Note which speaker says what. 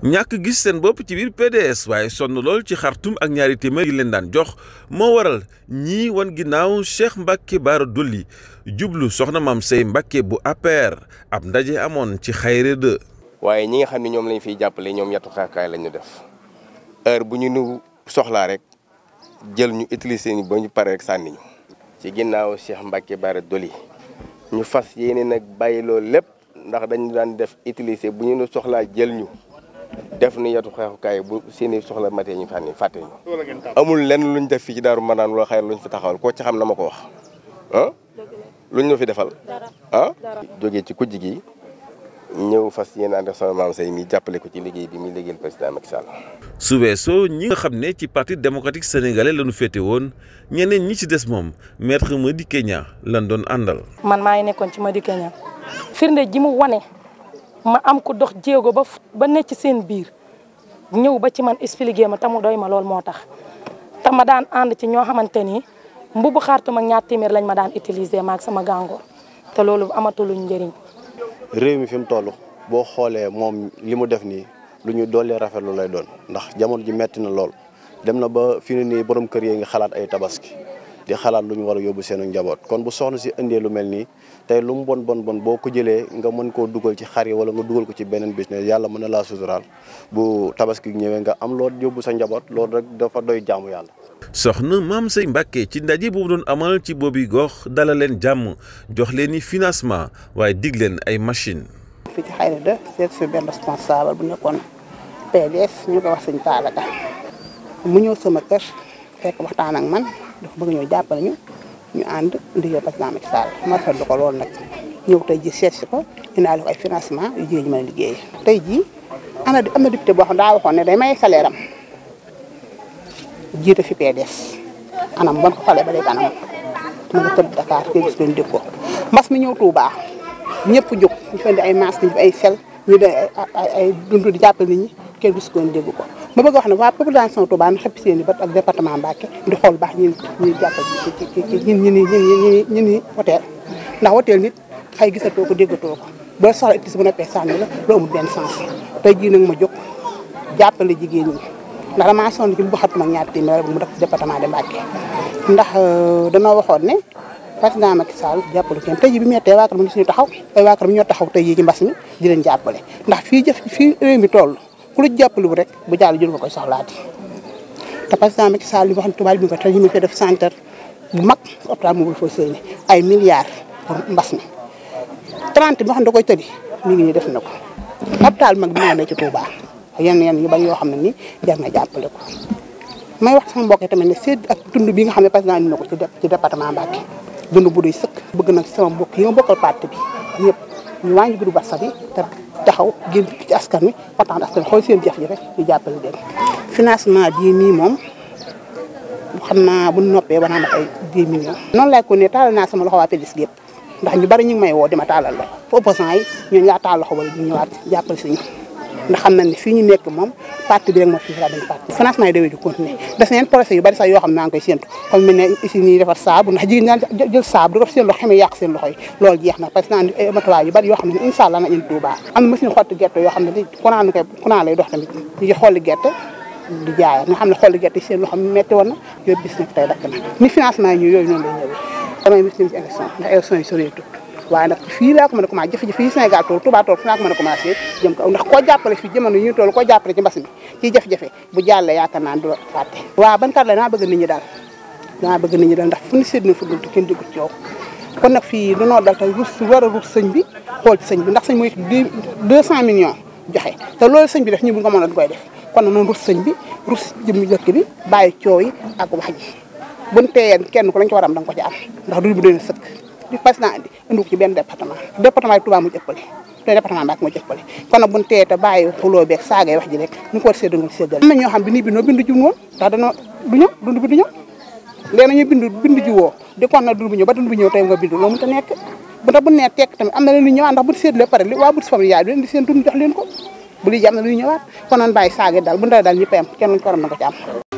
Speaker 1: ñak gis sen bop ci bir PDS waaye sonn lol ci xartum ak ñaari téeméer yi len dan jox mo waral ñi wan ginau Cheikh Mbacke bar dulli jublu soxna mam Sey Mbacke bu Aper ab ndaje amoon ci xayre
Speaker 2: de waye ñi nga xamni ñom lañ fi jàppale ñom yatu xakaay lañu def heure bu ñu nu soxla rek jël ñu utiliser ni bañu paré rek sanni ñu. ci ginaaw Cheikh Mbacke bar dulli ñu fas yene nag bayilo lepp ndax dañu dan def utiliser bu ñu nu soxla jël ñu. def nu yetu xeexukaay bu seeni soxla matee ñi fànni fàtte ñu amul lenn luñ def fii ci Daaru Manaan loo xëy luñ fi taxawal ko ci xam na ma ko wax luñ la fi defal ah jógee ci kujj gi ñëw fas yéen a ak sama maam say mi jàppale ko ci liggéey bi muy liggéeyal président Macky Sall.
Speaker 1: su weesoo ñi nga xam ne ci parti démocratique sénégalais lañu féete woon ñeneen ñi si des moom maitre maître Madické Niang lan doon àndal.
Speaker 3: man maa nekkoon ci Madické Niang firnde ji mu wane. ma am ko dox jéego ba ba ne ci seen biir ñëw ba ci man expliqué ma tamu doy ma lool moo tax te daan ànd ci ñoo xamante ni mbubu xaartum ak ñaar téeméer lañ ma daan utiliser maak sama gàngoor te loolu amatuluñ njëriñ.
Speaker 2: réew mi fi mu toll boo xoolee moom li mu def nii lu ñu doolee rafetlu lay doon ndax jamono ji metti na lool dem na ba fi ne nii borom kër yi nga xalaat ay tabaski. di xalaat luñu wara yobbu a yóbbu seenu njaboot kon bu soxna ci ëndé lu melni tay lu bon bon bon boko jëlé nga mën ko duggal ci xari wala nga duggal ko ci benen business yalla mëna la sutural bu tabaski ñëwé nga am lo yobbu sa njabot lo rek dafa doy jaamu yalla
Speaker 1: soxna mam sey Mbàkke ci ndaji bu doon amal ci bobu gox dala jamm jox leen i financement way dig leen ay machine
Speaker 3: fi ci Xayrida c'est ce ben responsable bu nekkoon PDF ñu ko wax señ Talla mu ñew sama kër fekk waxtaan ak man dafa bëgg ñoo jàppale ñu ñu ànd liggéey président Macky Sall ma rafetlu ko lool nag ñëw tey ji seet si ko indaale ko ay financement yu jigéen ñi mën a liggéey tey jii ana am na député boo xam daa waxoon ne day may salaire am jiite fi PDS anam ban ko falee ba léegi anam mu ngi tëdd Dakar kii gis ngeen dégg ko mbas mi ñëw Touba ñëpp jóg ñu fay indi ay masques ñu ay sel ñu de ay ay dund di jàppale nit ñi kenn gis ngeen dégg ko. ma bëgg a wax ne waa population Touba ñu xëpp seen i bët ak département Mbacké di xool baax ñun ñuy jàppal ci ci ñu ni ñu ñu ñu hôtel ndax hôtel nit xëy gisatoo ko déggatoo ko boo soxla itis bu noppee sànni la loo amul benn sens tey jii nag ma jóg jàppale jigéen ñi ndax damaa sonn ci bu xatuma ñaar téeméer bu mu def de Mbacké ndax euh, danoo waxoon ne président Macky Sall jàppale kenn tey jii bi mettee waakar mu suñu taxaw ay waakar mu taxaw tey jii ci mbas mi di leen ndax fii jëf fii réew tool toll ku la jàppaliwul rek bu jàll jël nga koy soxlaati te président Macky Sall li waxoon bi nga tey ñu ngi koy def centre bu mag hôpital Matlaboul Fawzeyni ay milliards pour mbas mi 30 da koy tëddi mi ngi ñu def na ko hôpital mag bi ne ci Touba yenn yenn yu bari yoo xam ne ni jar na jàppale ko may wax sama mbokk tamit ne sédd a dund bi nga xam ne président ñu na ko ci département Mbacké dund bu doy sëkk bëgg nag sama mbokk yi ma bokkal parti bi ñëpp ñu wàññi groupe WhatsApp bi te taxaw génn ci askan wi waxtaan askan wi xool seen jafe-jafe ñu jàppale leen. financement bii nii moom xam naa bu noppee war naa ay 10 millions. noonu laay ko ne taalal naa sama loxo waa PDS gépp ndax ñu bari ñu ngi may woo dima taalal la opposant yi ñooñu laa taal loxo wala ñu ñëwaat jàppale si ñu. ndax xam na ne fii ñu nekk moom parti bi rek moo fi la dañ parti financement yi dawee di continuer des neen projet yu bari sax yoo xam ne maa koy séentu comme mel ne usine yi defar saabu ndax seen loxo yi loolu jeex na parce que naa andi ay matuwaay yu bari xam ne incha allah na indi Touba am na machine xam ne courant ni koy courant lay dox tamit ñu xolli gerte di jaaya nga xam ne xolli gerte seen loxo metti na ni financement yi ñu yooyu noonu lay ñëwee damay mis ñim si élection ndax élection waa nag fii laa ko mën a commencé jafe-jafe fii Sénégal tool ko mën a commencé jëm kaw ndax koo jàppale fi jamono yi ñu toll koo jàppale ci mbas mi ci jafe naa bëgg nit ñi daal damaa bëgg a ñi daal ndax fu ñu sédd na fu dul te kenn déggu coow kon nag fii danoo dal tey rus war a rus sëñ bi xool ci bi ndax sëñ mooy deux cent millions joxe te loolu sëñ bi def ñu nga mën a koy def kon nag noonu rus sëñ bi rus jëm jëkk bi bàyyi coow yi ak wax ji buñ kenn ku lañ ci war am da nga ko ci am ndax duñ bu doon sëkk di pas andi andi ko ci ben département département bi Touba mu jëppale té département Mbacké moo jëppale kon nag bu ñu teyee te bàyyi xuloo beeg saaga wax ji rek ñu ko sédu ngi sédal amna ño xam bi ni no bindu ci woon da da no duñu dundu bi du léna ñu bindu bindu ci wo di kon na dundu bu ñëw ba dundu bu ñëw tey nga bindu loolu ta nek bu ndax bu nek tek tam amna lu ndax bu séddale pare li wa bu familial leen di sen dundu jox leen ko bu li jamm lu ñëwaat kon nañ bàyyi saaga bu ndaw dal ñu pem kenn ko ram na ko ci am